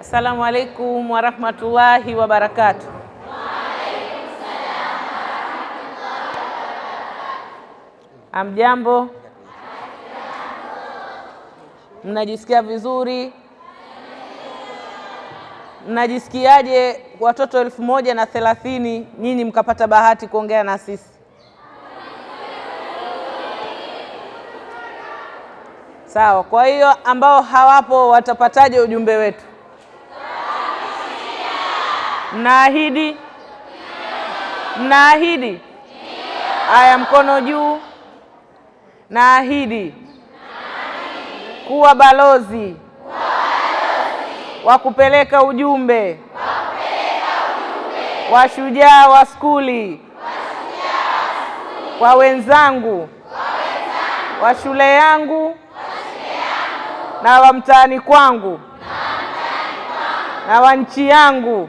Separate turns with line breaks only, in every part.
Assalamu alaikum warahmatullahi wabarakatu. Amjambo, mnajisikia vizuri? Mnajisikiaje watoto elfu moja na thelathini nyinyi mkapata bahati kuongea na sisi? Sawa, kwa hiyo ambao hawapo watapataje ujumbe wetu?
Mnaahidi?
naahidi. Aya, mkono juu. Naahidi kuwa balozi wa kupeleka ujumbe wa shujaa wa skuli kwa wenzangu wa shule yangu na wa mtaani kwangu na wa nchi yangu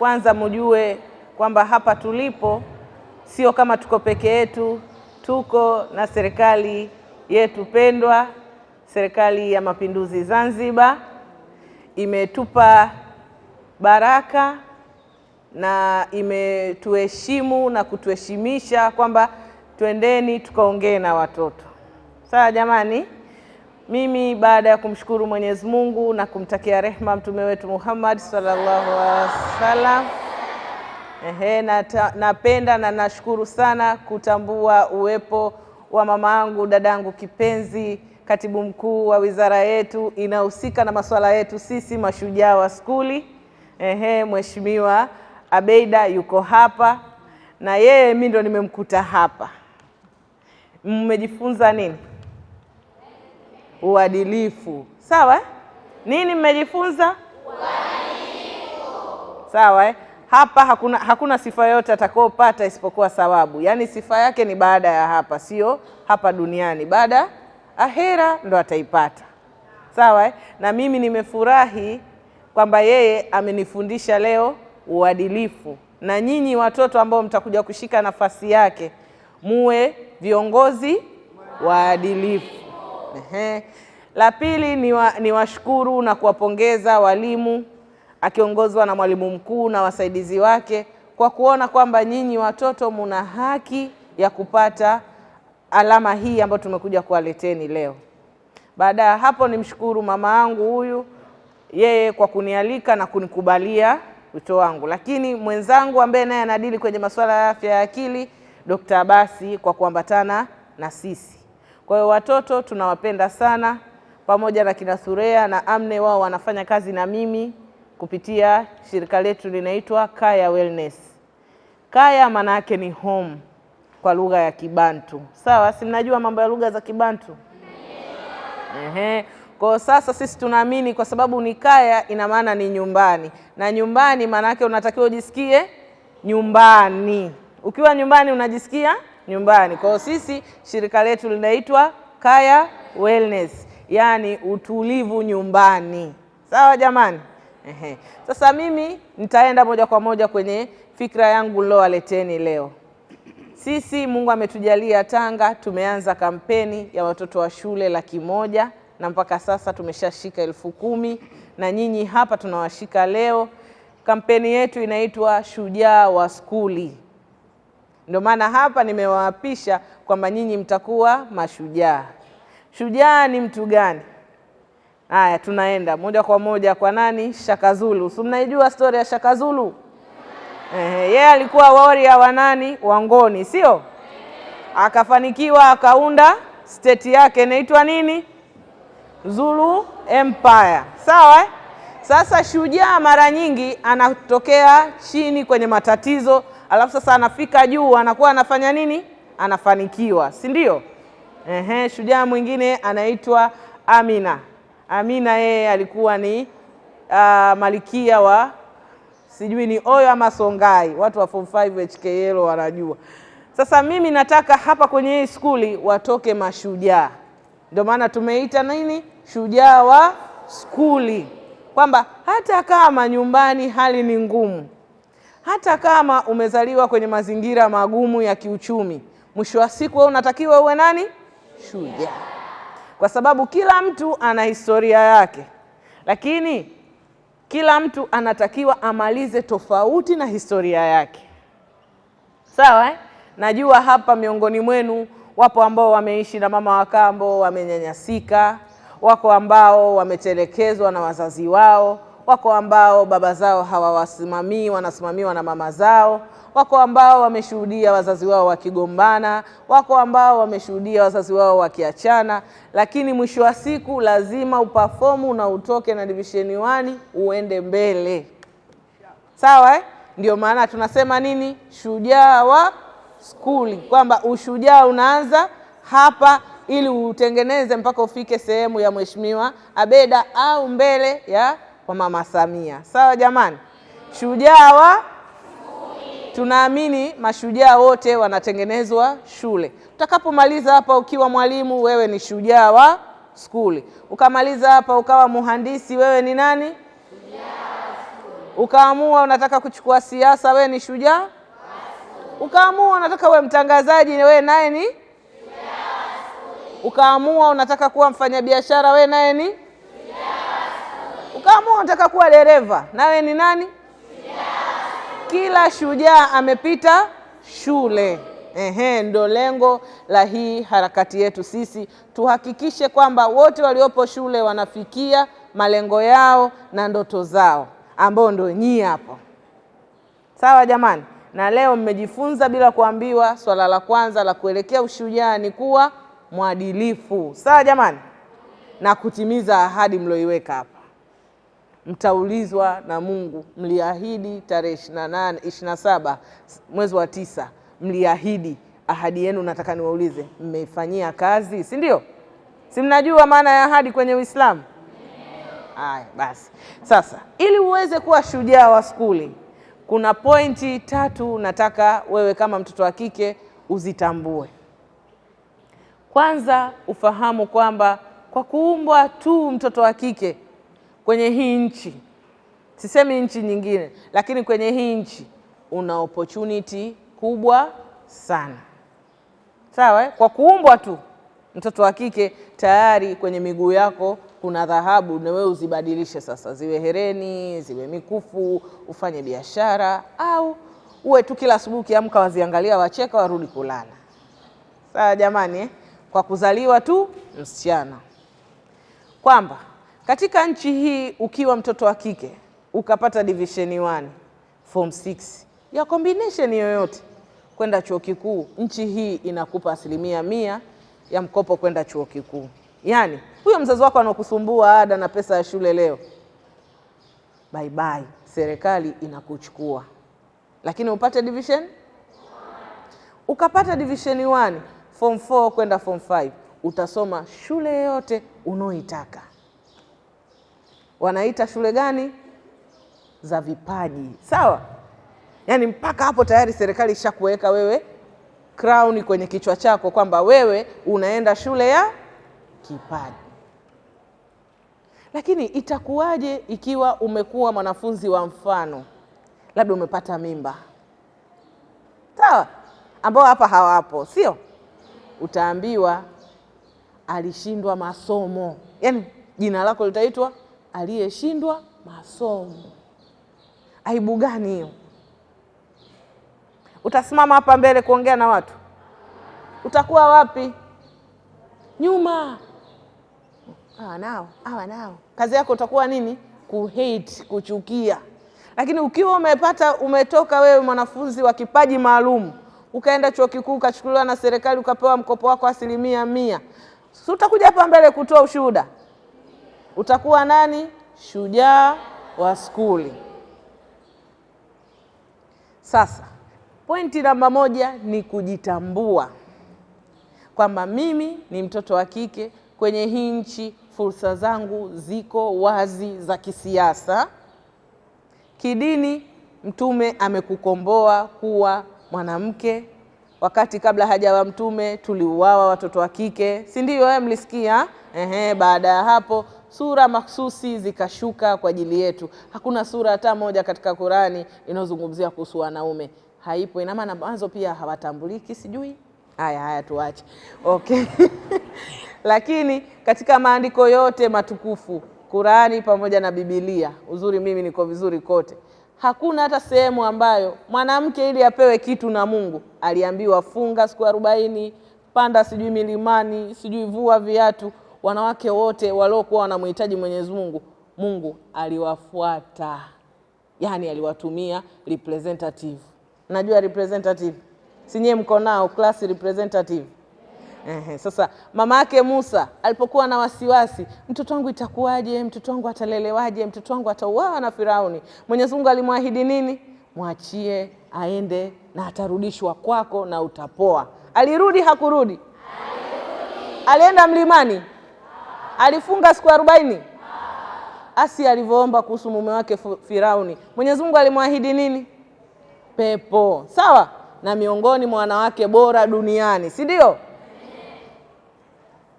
kwanza mujue kwamba hapa tulipo sio kama tuko peke yetu, tuko na serikali yetu pendwa, serikali ya mapinduzi Zanzibar imetupa baraka na imetuheshimu na kutuheshimisha kwamba twendeni tukaongee na watoto. Sawa jamani. Mimi baada ya kumshukuru Mwenyezi Mungu na kumtakia rehma mtume wetu Muhammad sallallahu alaihi wasallam, ehe, napenda na nashukuru sana kutambua uwepo wa mamaangu dadangu kipenzi, katibu mkuu wa wizara yetu inahusika na masuala yetu sisi mashujaa wa skuli. Ehe, Mheshimiwa Abeida yuko hapa na yeye, mimi ndo nimemkuta hapa. Mmejifunza nini?
uadilifu.
Sawa, eh? nini mmejifunza?
Uadilifu.
Sawa eh? Hapa hakuna, hakuna sifa yoyote atakayopata isipokuwa sababu yaani sifa yake ni baada ya hapa, sio hapa duniani, baada ahera ndo ataipata. Sawa eh? Na mimi nimefurahi kwamba yeye amenifundisha leo uadilifu, na nyinyi watoto ambao mtakuja kushika nafasi yake muwe viongozi
waadilifu.
Ehe. La pili ni, wa, ni washukuru na kuwapongeza walimu akiongozwa na mwalimu mkuu na wasaidizi wake kwa kuona kwamba nyinyi watoto muna haki ya kupata alama hii ambayo tumekuja kuwaleteni leo. Baada ya hapo, nimshukuru mama yangu huyu yeye kwa kunialika na kunikubalia wito wangu, lakini mwenzangu ambaye naye anadili kwenye masuala ya afya ya akili Dr. Abasi kwa kuambatana na sisi. Kwa hiyo watoto tunawapenda sana, pamoja na kina Surea na Amne, wao wanafanya kazi na mimi kupitia shirika letu linaitwa Kaya Wellness. Kaya maana yake ni home kwa lugha ya Kibantu, sawa? Si mnajua mambo ya lugha za Kibantu? Ehe. Kwa sasa sisi tunaamini kwa sababu ni kaya, ina maana ni nyumbani, na nyumbani maana yake unatakiwa ujisikie nyumbani. Ukiwa nyumbani unajisikia nyumbani. Kwa hiyo sisi shirika letu linaitwa Kaya Wellness, yaani utulivu nyumbani. Sawa jamani? Ehe. Sasa mimi nitaenda moja kwa moja kwenye fikra yangu nilowaleteni leo. Sisi Mungu ametujalia Tanga, tumeanza kampeni ya watoto wa shule laki moja na mpaka sasa tumeshashika elfu kumi na nyinyi hapa tunawashika leo. Kampeni yetu inaitwa Shujaa wa Skuli. Ndio maana hapa nimewaapisha kwamba nyinyi mtakuwa mashujaa. Shujaa ni mtu gani? Haya, tunaenda moja kwa moja kwa nani? Shaka Zulu. Si mnaijua stori ya Shaka Zulu? Ehe, yeye alikuwa warrior wa nani? Wangoni, sio? Akafanikiwa akaunda state yake inaitwa nini? Zulu Empire, sawa eh? Sasa shujaa mara nyingi anatokea chini kwenye matatizo alafu sasa anafika juu anakuwa anafanya nini? Anafanikiwa, si ndio? Ehe, shujaa mwingine anaitwa Amina. Amina yeye alikuwa ni uh, malikia wa sijui ni Oyo ama Songai, watu wa form 5 HKL wanajua. Sasa mimi nataka hapa kwenye hii skuli watoke mashujaa, ndio maana tumeita nini, shujaa wa skuli, kwamba hata kama nyumbani hali ni ngumu hata kama umezaliwa kwenye mazingira magumu ya kiuchumi, mwisho wa siku wewe unatakiwa uwe nani? Shujaa, kwa sababu kila mtu ana historia yake, lakini kila mtu anatakiwa amalize tofauti na historia yake, sawa eh? Najua hapa miongoni mwenu wapo ambao wameishi na mama wa kambo, wamenyanyasika, wako ambao wametelekezwa na wazazi wao wako ambao baba zao hawawasimamii, wanasimamiwa na mama zao. Wako ambao wameshuhudia wazazi wao wakigombana, wako ambao wameshuhudia wazazi wao wakiachana, lakini mwisho wa siku lazima upafomu na utoke na divisheni wani uende mbele, sawa eh? Ndio maana tunasema nini, shujaa wa skuli, kwamba ushujaa unaanza hapa ili utengeneze mpaka ufike sehemu ya Mheshimiwa Abeda au mbele ya kwa Mama Samia. Sawa jamani, shujaa wa tunaamini mashujaa wote wanatengenezwa shule. Utakapomaliza hapa ukiwa mwalimu, wewe ni shujaa wa skuli. Ukamaliza hapa ukawa muhandisi, wewe ni nani? Ukaamua unataka kuchukua siasa, wewe ni shujaa. Ukaamua unataka uwe mtangazaji, wewe naye ni ukaamua unataka kuwa mfanyabiashara, wewe naye ni Ukaamua unataka kuwa dereva, nawe ni nani? Kila shujaa amepita shule. Ehe, ndo lengo la hii harakati yetu sisi, tuhakikishe kwamba wote waliopo shule wanafikia malengo yao na ndoto zao, ambao ndo nyii hapo. Sawa jamani, na leo mmejifunza bila kuambiwa. Swala la kwanza la kuelekea ushujaa ni kuwa mwadilifu, sawa jamani, na kutimiza ahadi mlioiweka hapa mtaulizwa na Mungu. Mliahidi tarehe 28 saba mwezi wa tisa, mliahidi ahadi yenu. Nataka niwaulize, mmeifanyia kazi, si ndio? Si mnajua maana ya ahadi kwenye Uislamu? Haya basi, sasa ili uweze kuwa shujaa wa skuli, kuna pointi tatu nataka wewe kama mtoto wa kike uzitambue. Kwanza, ufahamu kwamba kwa kuumbwa tu mtoto wa kike kwenye hii nchi, sisemi nchi nyingine, lakini kwenye hii nchi una opportunity kubwa sana, sawa? Eh? Kwa kuumbwa tu mtoto wa kike tayari kwenye miguu yako kuna dhahabu, na wewe uzibadilishe sasa, ziwe hereni, ziwe mikufu, ufanye biashara, au uwe tu kila asubuhi ukiamka waziangalia, wacheka, warudi kulala. Sawa jamani eh? Kwa kuzaliwa tu msichana kwamba katika nchi hii ukiwa mtoto wa kike ukapata division 1 form 6 ya combination yoyote kwenda chuo kikuu, nchi hii inakupa asilimia mia ya mkopo kwenda chuo kikuu. Yaani huyo mzazi wako anakusumbua ada na pesa ya shule leo, bye bye, serikali inakuchukua. Lakini upate division ukapata division 1 form 4 kwenda form 5 utasoma shule yoyote unaoitaka wanaita shule gani za vipaji, sawa? Yaani mpaka hapo tayari serikali ishakuweka wewe crown kwenye kichwa chako kwamba wewe unaenda shule ya kipaji. Lakini itakuwaje ikiwa umekuwa mwanafunzi wa mfano, labda umepata mimba, sawa, ambao hapa hawapo, sio? Utaambiwa alishindwa masomo, yaani jina lako litaitwa aliyeshindwa masomo. Aibu gani hiyo? Utasimama hapa mbele kuongea na watu, utakuwa wapi? Nyuma. Hawa nao, hawa nao. Kazi yako utakuwa nini? Kuhate, kuchukia. Lakini ukiwa umepata umetoka wewe mwanafunzi wa kipaji maalum ukaenda chuo kikuu ukachukuliwa na serikali ukapewa mkopo wako asilimia mia, si utakuja hapa mbele kutoa ushuhuda? utakuwa nani? Shujaa wa skuli. Sasa pointi namba moja ni kujitambua kwamba mimi ni mtoto wa kike kwenye hii nchi, fursa zangu ziko wazi za kisiasa, kidini. Mtume amekukomboa kuwa mwanamke, wakati kabla hajawa mtume tuliuawa watoto wa kike, si ndio? Eh, mlisikia ehe. Baada ya hapo sura maksusi zikashuka kwa ajili yetu. Hakuna sura hata moja katika Qurani inayozungumzia kuhusu wanaume, haipo. Ina maana mwanzo pia hawatambuliki, sijui. Haya haya, tuache okay. Lakini katika maandiko yote matukufu Qurani pamoja na Bibilia, uzuri mimi niko vizuri kote, hakuna hata sehemu ambayo mwanamke ili apewe kitu na Mungu aliambiwa funga siku arobaini, panda sijui milimani, sijui vua viatu wanawake wote waliokuwa wanamhitaji Mwenyezi Mungu, Mungu aliwafuata, yaani aliwatumia representative. Najua representative si nyie mko nao class representative. Ehe, sasa mama yake Musa alipokuwa na wasiwasi, mtoto wangu itakuwaje? Mtoto wangu atalelewaje? Mtoto wangu atauawa na Firauni. Mwenyezi Mungu alimwahidi nini? Mwachie aende na atarudishwa kwako na utapoa. Alirudi? Hakurudi? Alienda mlimani? alifunga siku arobaini? asi alivyoomba kuhusu mume wake Firauni, Mwenyezi Mungu alimwahidi nini? Pepo. Sawa na miongoni mwa wanawake bora duniani, si ndio?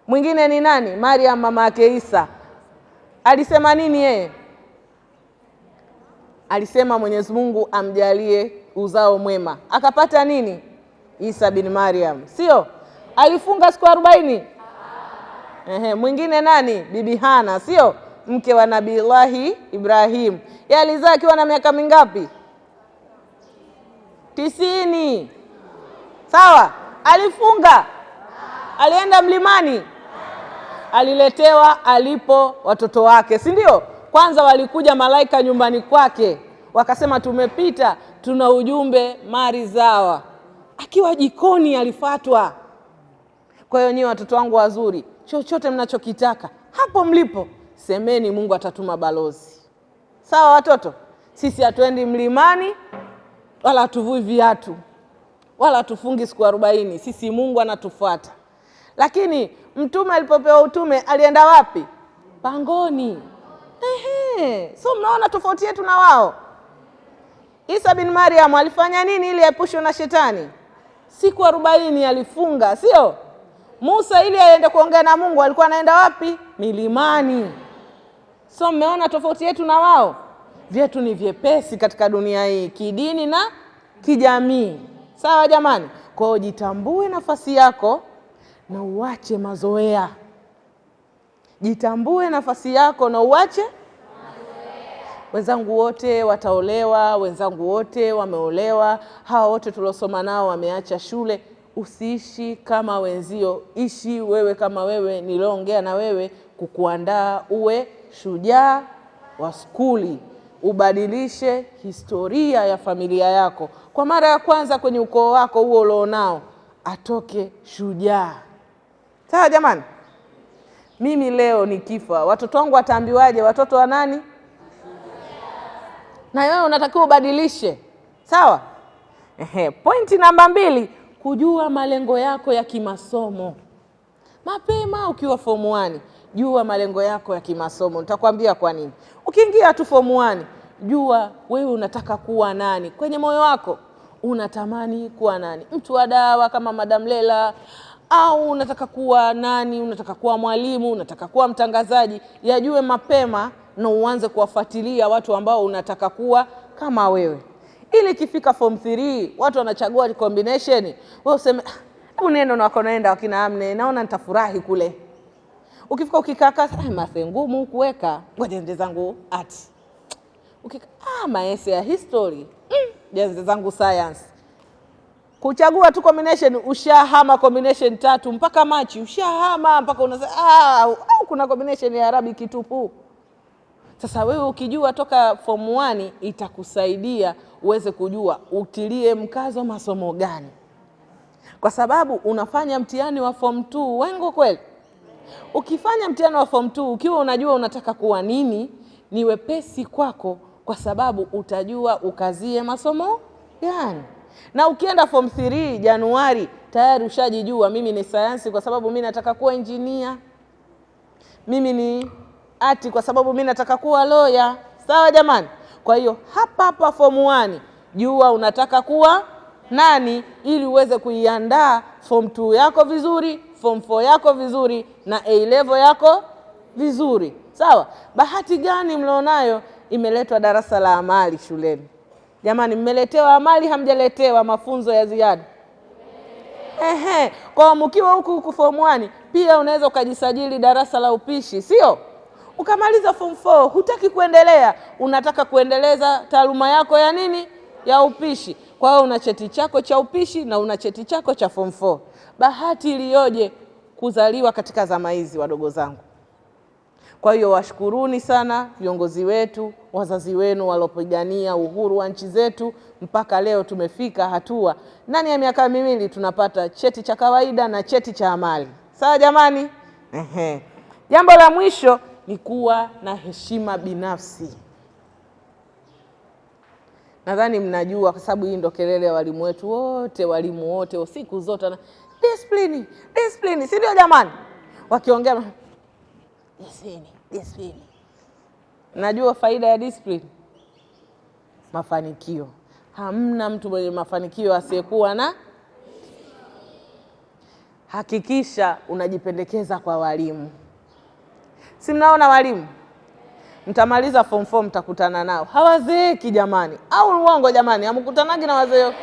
Mwingine ni nani? Mariam, mama yake Isa. Alisema nini yeye? Alisema Mwenyezi Mungu amjalie uzao mwema, akapata nini? Isa bin Mariam, sio? Alifunga siku arobaini Ehe, mwingine nani? Bibi Hana, sio mke wa nabiullahi Ibrahim. Yeye alizaa akiwa na miaka mingapi? Tisini. Sawa. Alifunga, alienda mlimani, aliletewa alipo watoto wake, si ndio? Kwanza walikuja malaika nyumbani kwake wakasema, tumepita tuna ujumbe mari zawa. Akiwa jikoni alifatwa. Kwa hiyo nyiwe watoto wangu wazuri chochote mnachokitaka hapo mlipo, semeni Mungu atatuma balozi. Sawa watoto, sisi hatuendi mlimani wala hatuvui viatu wala hatufungi siku arobaini. Sisi Mungu anatufuata. Lakini mtume alipopewa utume alienda wapi? Pangoni. Ehe, so mnaona tofauti yetu na wao. Isa bin Mariamu alifanya nini ili aepushwe na shetani? Siku arobaini alifunga, sio Musa ili aende kuongea na Mungu alikuwa anaenda wapi? Milimani. So mmeona tofauti yetu na wao, vyetu ni vyepesi katika dunia hii, kidini na kijamii. Sawa jamani? Kwa hiyo jitambue nafasi yako na uache mazoea. Jitambue nafasi yako na uache wenzangu wote wataolewa, wenzangu wote wameolewa, hawa wote tuliosoma nao wameacha shule usiishi kama wenzio, ishi wewe kama wewe niliongea na wewe kukuandaa uwe shujaa wa skuli, ubadilishe historia ya familia yako. Kwa mara ya kwanza kwenye ukoo wako huo ulionao atoke shujaa. Sawa jamani, mimi leo nikifa watoto wangu wataambiwaje? Watoto wa nani? Na wewe unatakiwa ubadilishe. Sawa. Ehe, pointi namba mbili kujua malengo yako ya kimasomo mapema. Ukiwa form 1 jua malengo yako ya kimasomo, nitakwambia kwa nini. Ukiingia tu form 1 jua wewe unataka kuwa nani kwenye moyo wako, unatamani kuwa nani, mtu wa dawa kama Madam Lela au unataka kuwa nani? Unataka kuwa mwalimu, unataka kuwa mtangazaji? Yajue mapema na uanze kuwafuatilia watu ambao unataka kuwa kama wewe ili ikifika form 3 watu wanachagua combination, wewe useme ah, hebu nenda na wako naenda wakina amne, naona nitafurahi kule. Ukifika ukikaka ah, mase ngumu kuweka, ngoja zangu art. Ukika ah, maese ya history mm, zangu science. Kuchagua tu combination, ushahama combination tatu mpaka Machi, ushahama mpaka unasema ah, au kuna combination ya Arabic kitupu sasa wewe ukijua toka form 1 itakusaidia uweze kujua utilie mkazo masomo gani, kwa sababu unafanya mtihani wa form 2 wengo kweli. Ukifanya mtihani wa form 2 ukiwa unajua unataka kuwa nini, ni wepesi kwako, kwa sababu utajua ukazie masomo gani. Na ukienda form 3 Januari tayari ushajijua, mimi ni sayansi, kwa sababu mimi nataka kuwa injinia, mimi ni ati kwa sababu mi nataka kuwa loya. Sawa jamani? Kwa hiyo hapa hapa fomu wani jua unataka kuwa nani, ili uweze kuiandaa form 2 yako vizuri, form 4 yako vizuri, na A level yako vizuri. Sawa. Bahati gani mlionayo imeletwa darasa la amali shuleni jamani? Mmeletewa amali, hamjaletewa mafunzo ya ziada? Ehe, kwa mkiwa huku huku form 1 pia unaweza ukajisajili darasa la upishi, sio ukamaliza form 4 hutaki kuendelea, unataka kuendeleza taaluma yako ya nini? Ya upishi. Kwa hiyo una cheti chako cha upishi na una cheti chako cha form 4. Bahati iliyoje kuzaliwa katika zama hizi, wadogo zangu. Kwa hiyo washukuruni sana viongozi wetu, wazazi wenu walopigania uhuru wa nchi zetu mpaka leo tumefika hatua, ndani ya miaka miwili tunapata cheti cha kawaida na cheti cha amali. Sawa jamani? Ehe. Jambo la mwisho ni kuwa na heshima binafsi. Nadhani mnajua kwa sababu hii ndo kelele ya walimu wetu wote, walimu wote siku zote na discipline, discipline, si ndio jamani? Wakiongea discipline, discipline. Najua faida ya discipline, mafanikio. Hamna mtu mwenye mafanikio asiyekuwa na hakikisha unajipendekeza kwa walimu si mnaona walimu mtamaliza form four mtakutana nao hawazeeki jamani, au uongo jamani? amkutanagi na wazee?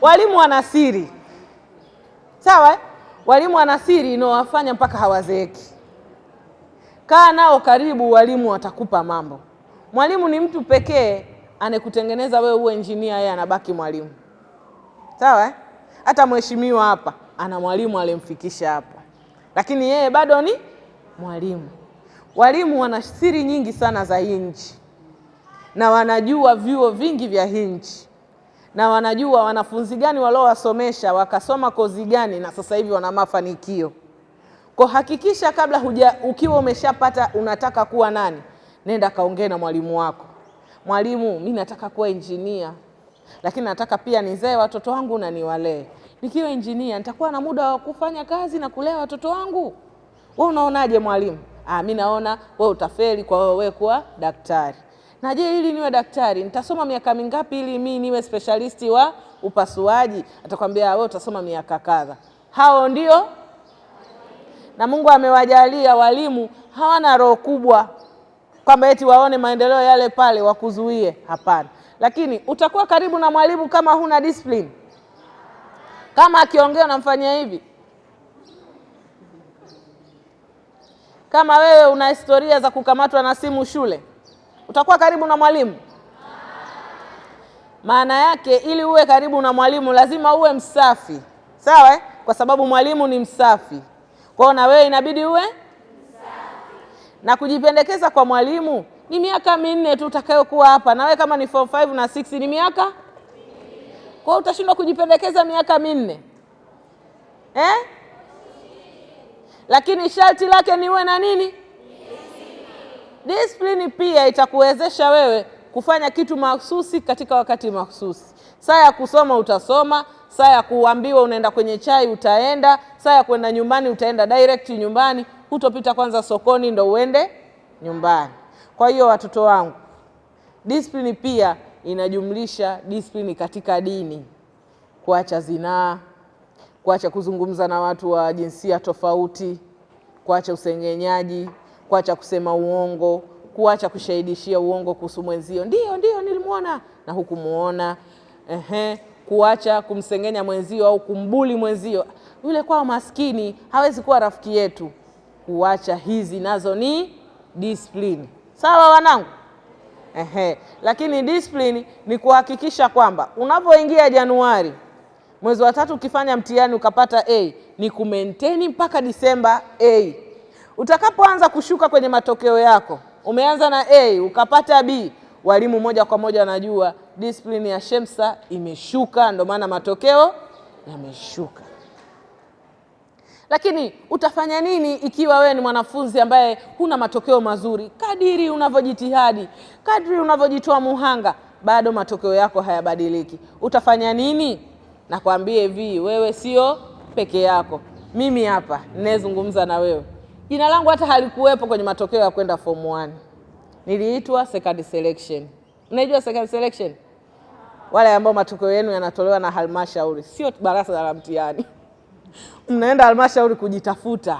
Walimu wana siri sawa, eh? Walimu wana siri inaowafanya mpaka hawazeeki. Kaa nao karibu, walimu watakupa mambo. Mwalimu ni mtu pekee anekutengeneza wewe uwe injinia, yeye anabaki mwalimu sawa, eh? Hata mheshimiwa hapa ana mwalimu alimfikisha hapa, lakini yeye bado ni mwalimu. Walimu wana siri nyingi sana za hii nchi, na wanajua vyuo vingi vya hii nchi, na wanajua wanafunzi gani waliowasomesha wakasoma kozi gani, na sasa hivi wana mafanikio. Kwa hakikisha kabla huja, ukiwa umeshapata unataka kuwa nani, nenda kaongee na mwalimu wako. Mwalimu, mimi nataka kuwa injinia, lakini nataka pia nizae watoto wangu na niwalee. Nikiwa injinia nitakuwa na muda wa kufanya kazi na kulea watoto wangu? wewe unaonaje mwalimu? Ah, mimi naona wewe utafeli kwa wewe kuwa daktari. Na je, ili niwe daktari nitasoma miaka mingapi ili mi niwe specialist wa upasuaji? Atakwambia ah, wewe utasoma miaka kadha. Hao ndio na Mungu amewajalia walimu hawana roho kubwa kwamba eti waone maendeleo yale pale wakuzuie. Hapana, lakini utakuwa karibu na mwalimu kama huna discipline, kama akiongea unamfanyia hivi Kama wewe una historia za kukamatwa na simu shule, utakuwa karibu na mwalimu? Maana yake ili uwe karibu na mwalimu lazima uwe msafi, sawa? Eh? Kwa sababu mwalimu ni msafi, kwa hiyo na wewe inabidi uwe msafi. Na kujipendekeza kwa mwalimu ni miaka minne tu utakayokuwa hapa, na wewe kama ni form 5 na 6 ni miaka, kwa hiyo utashindwa kujipendekeza miaka minne eh? lakini sharti lake niwe na nini? Discipline pia itakuwezesha wewe kufanya kitu mahususi katika wakati mahususi. Saa ya kusoma utasoma, saa ya kuambiwa unaenda kwenye chai utaenda, saa ya kwenda nyumbani utaenda direct nyumbani, hutopita kwanza sokoni ndo uende nyumbani. Kwa hiyo watoto wangu, discipline pia inajumlisha discipline katika dini, kuacha zinaa kuacha kuzungumza na watu wa jinsia tofauti, kuacha usengenyaji, kuacha kusema uongo, kuacha kushahidishia uongo kuhusu mwenzio, ndio ndio nilimwona na hukumuona, ehe, kuacha kumsengenya mwenzio au kumbuli mwenzio, yule kwao maskini hawezi kuwa rafiki yetu. Kuacha hizi nazo ni discipline, sawa wanangu? Ehe, lakini discipline ni kuhakikisha kwamba unapoingia Januari Mwezi wa tatu ukifanya mtihani ukapata A ni kumenteni mpaka Disemba A. Utakapoanza kushuka kwenye matokeo yako, umeanza na A ukapata B, walimu moja kwa moja wanajua discipline ya Shemsa imeshuka, ndio maana matokeo yameshuka. Lakini utafanya nini ikiwa wewe ni mwanafunzi ambaye huna matokeo mazuri? Kadiri unavyojitihadi, kadiri unavyojitoa muhanga, bado matokeo yako hayabadiliki, utafanya nini? nakwambie hivi, wewe sio peke yako. Mimi hapa ninayezungumza na wewe, jina langu hata halikuwepo kwenye matokeo ya kwenda form 1. Niliitwa second selection. Unajua second selection? Wale ambao matokeo yenu yanatolewa na halmashauri, sio baraza la mtihani. Mnaenda halmashauri kujitafuta,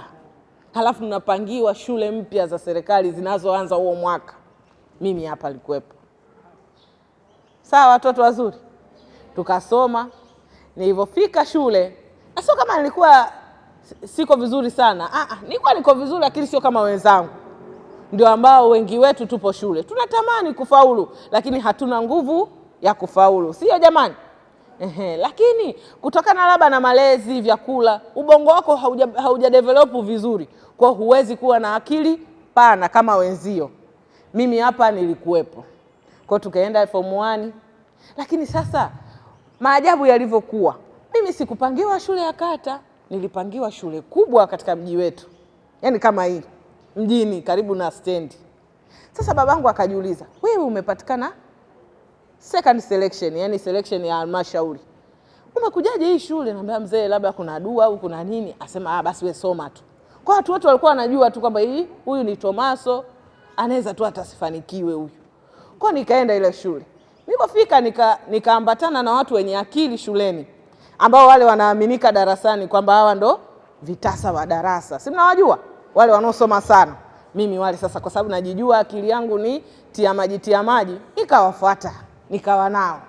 halafu mnapangiwa shule mpya za serikali zinazoanza huo mwaka. Mimi hapa likuwepo. Sawa, watoto wazuri, tukasoma Nilivyofika shule sio kama nilikuwa siko vizuri sana. Ah, ah, nilikuwa niko vizuri, lakini sio kama wenzangu. Ndio ambao wengi wetu tupo shule tunatamani kufaulu, lakini hatuna nguvu ya kufaulu, sio jamani? Ehe, lakini kutokana labda na malezi, vyakula, ubongo wako hauja, hauja develop vizuri, kwa huwezi kuwa na akili pana kama wenzio. Mimi hapa nilikuwepo, kwa tukaenda form 1 lakini sasa maajabu yalivyokuwa. Mimi sikupangiwa shule ya kata, nilipangiwa shule kubwa katika mji wetu, yaani kama hii mjini, karibu na stendi. Sasa babangu akajiuliza, wewe umepatikana second selection, yani selection ya halmashauri, umekujaje hii shule? Naambia mzee, labda kuna dua au kuna nini. Asema ah, basi we soma tu. Kwa watu wote walikuwa wanajua tu kwamba hii huyu ni Tomaso, anaweza tu atasifanikiwe huyu. Kwa nikaenda ile shule Nilipofika nika nikaambatana na watu wenye akili shuleni ambao wale wanaaminika darasani kwamba hawa ndo vitasa wa darasa, si mnawajua wale wanaosoma sana. Mimi wale sasa, kwa sababu najijua akili yangu ni tia maji tia maji, nikawafuata nikawa nao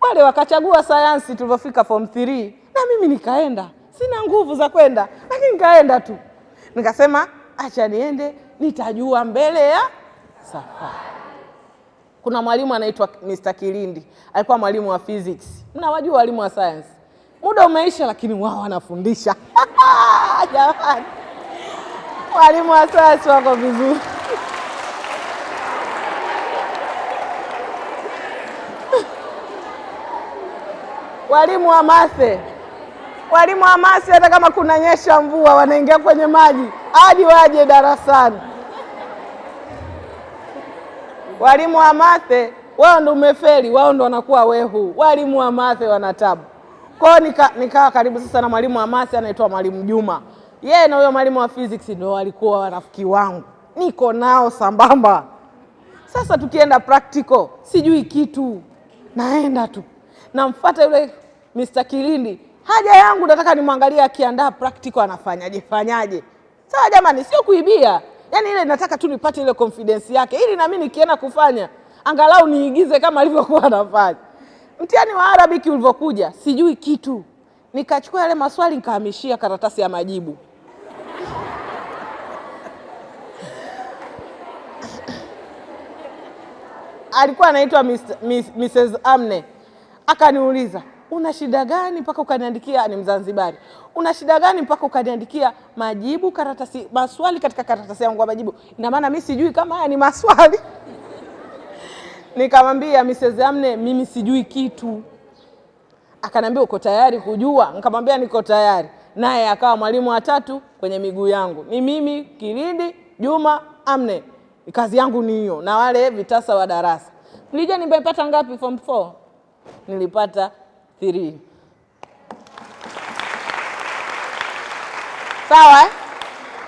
wale, wakachagua sayansi. Tulivyofika form 3 na mimi nikaenda, sina nguvu za kwenda, lakini nikaenda tu, nikasema acha niende, nitajua mbele ya safari kuna mwalimu anaitwa Mr. Kilindi, alikuwa mwalimu wa physics. Mnawajua walimu wa science, muda umeisha, lakini wao wanafundisha jamani, walimu wa science wako vizuri walimu wa mathe, walimu wa mathe, hata kama kunanyesha mvua, wanaingia kwenye maji hadi waje darasani. Walimu wa mathe wao ndio umefeli, wao ndio wanakuwa wehu. Walimu wa mathe wana tabu kwao. Nikawa nika karibu sasa na mwalimu wa mathe anaitwa Mwalimu Juma, yeye na huyo mwalimu wa physics ndio walikuwa warafiki wangu, niko nao sambamba. Sasa tukienda practical, sijui kitu, naenda tu namfuata yule Mr. Kilindi, haja yangu nataka nimwangalie akiandaa practical anafanyaje fanyaje. Sawa jamani, sio kuibia. Yaani ile nataka tu nipate ile confidence yake, ili nami nikienda kufanya angalau niigize kama alivyokuwa anafanya. Mtihani wa arabiki ulivyokuja, sijui kitu, nikachukua yale maswali nikahamishia karatasi ya majibu. alikuwa anaitwa Mrs. Amne, akaniuliza una shida gani mpaka ukaniandikia ni Mzanzibari? Una shida gani mpaka ukaniandikia majibu karatasi maswali katika karatasi yangu ya majibu? Ina maana mimi sijui kama haya ni maswali nikamwambia Mrs. Amne, mimi sijui kitu. Akanambia uko tayari kujua? Nikamwambia niko tayari, naye akawa mwalimu wa tatu kwenye miguu yangu. Ni mimi Kilindi Juma Amne, kazi yangu ni hiyo, na wale vitasa wa darasa. Mlijua nimepata ngapi form 4? Nilipata three. Sawa eh?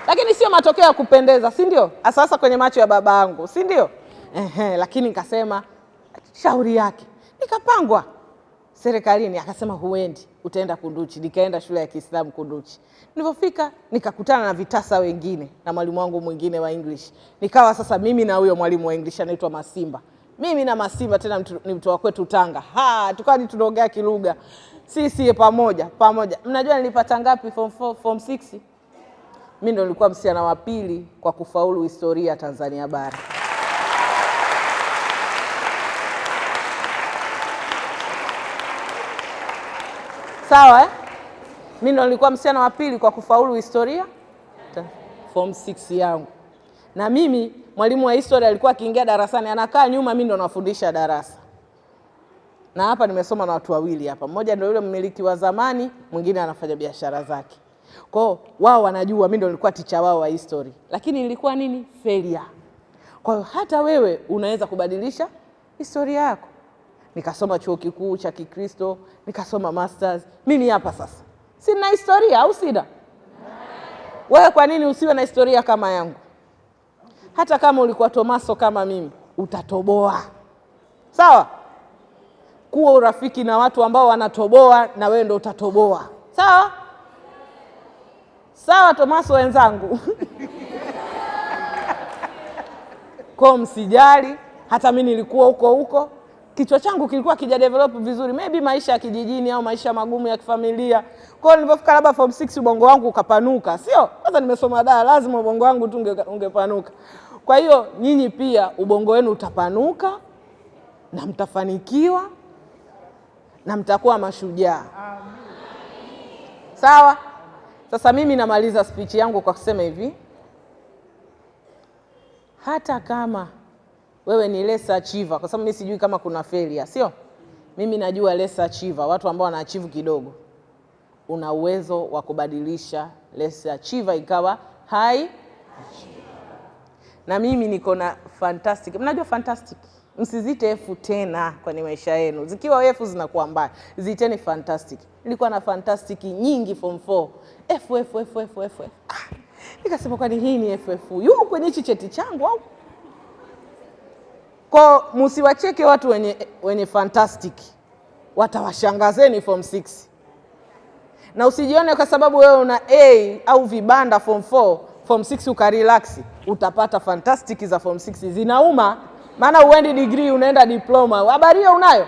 Lakini sio matokeo ya kupendeza, si ndio? Sasa kwenye macho ya baba yangu, si ndio? Ehe, lakini nikasema shauri yake, nikapangwa serikalini. Akasema huendi, utaenda Kunduchi. Nikaenda shule ya Kiislamu Kunduchi. Nilipofika nikakutana na vitasa wengine na mwalimu wangu mwingine wa English, nikawa sasa mimi na huyo mwalimu wa English anaitwa Masimba mimi na Masimba tena mtu, ni mtu wa kwetu Tanga. Ha, tukani tunaongea kilugha sisi pamoja pamoja. Mnajua nilipata ngapi form 4 form 6? Mimi ndo nilikuwa msichana wa pili kwa kufaulu historia Tanzania bara. Sawa eh? Mimi ndo nilikuwa msichana wa pili kwa kufaulu historia form 6 yangu na mimi mwalimu wa historia alikuwa akiingia darasani anakaa nyuma, mimi ndo nafundisha darasa. Na hapa nimesoma na watu wawili hapa, mmoja ndio yule mmiliki wa zamani, mwingine anafanya biashara zake. Kwa hiyo wao wanajua, mimi ndo nilikuwa ticha wao wa history, lakini nilikuwa nini? Failure. Kwa hiyo hata wewe unaweza kubadilisha historia yako. Nikasoma chuo kikuu cha Kikristo, nikasoma masters. Mimi hapa sasa sina historia, au sina? Wewe kwa nini usiwe na historia kama yangu? hata kama ulikuwa Tomaso kama mimi utatoboa. Sawa, kuwa urafiki na watu ambao wanatoboa, na wewe ndo utatoboa. Sawa sawa, Tomaso wenzangu kwa msijali, hata mi nilikuwa huko huko, kichwa changu kilikuwa kija develop vizuri, maybe maisha ya kijijini au maisha magumu ya kifamilia. Kwa hiyo nilipofika labda form 6 ubongo wangu ukapanuka, sio kwanza nimesoma daa, lazima ubongo wangu tu ungepanuka unge kwa hiyo nyinyi pia ubongo wenu utapanuka na mtafanikiwa na mtakuwa mashujaa. Sawa. Sasa mimi namaliza speech yangu kwa kusema hivi, hata kama wewe ni lesser achiever, kwa sababu mimi sijui kama kuna failure, sio mimi najua lesser achiever, watu ambao wana achieve kidogo, una uwezo wa kubadilisha lesser achiever ikawa high achiever na mimi niko na fantastic. Mnajua fantastic, msizite efu tena kwenye maisha yenu. Zikiwa efu zinakuwa mbaya, ziteni fantastic. Nilikuwa na fantastic nyingi form 4 efu efu efu efu efu, Nikasema ah, nikasema kwani hii ni efu efu yu kwenye hichi cheti changu au kwa Msiwacheke watu wenye, wenye fantastic watawashangazeni form 6 na usijione kwa sababu wewe una A au vibanda form form 6 ukarelax, utapata fantastic za form 6 zinauma, maana uendi degree unaenda diploma. Habari hiyo unayo?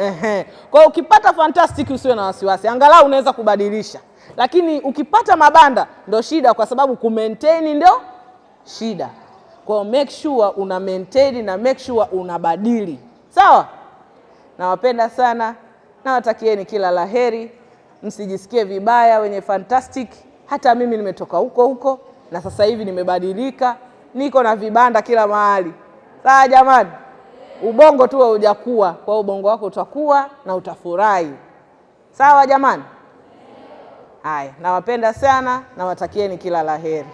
Ehe. Kwa hiyo ukipata fantastic usiwe na wasiwasi, angalau unaweza kubadilisha, lakini ukipata mabanda ndo shida, kwa sababu ku maintain ndio shida. Kwa hiyo make sure una maintain na make sure unabadili, sawa? Nawapenda sana, nawatakieni kila laheri, msijisikie vibaya wenye fantastic hata mimi nimetoka huko huko na sasa hivi nimebadilika, niko na vibanda kila mahali. Sawa jamani, ubongo tu haujakuwa kwa ubongo wako utakuwa na utafurahi. Sawa jamani. Haya, nawapenda sana, nawatakieni kila laheri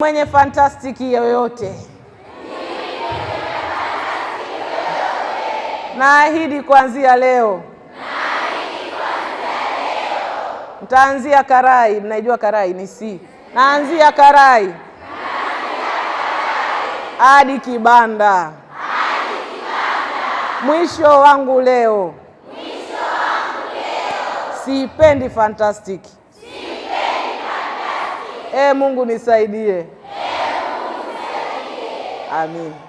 Mwenye fantastiki yoyote, naahidi kuanzia leo Taanzia karai, mnaijua karai ni si, naanzia karai hadi kibanda, mwisho wangu leo, sipendi fantastic. E Mungu nisaidie, Amin.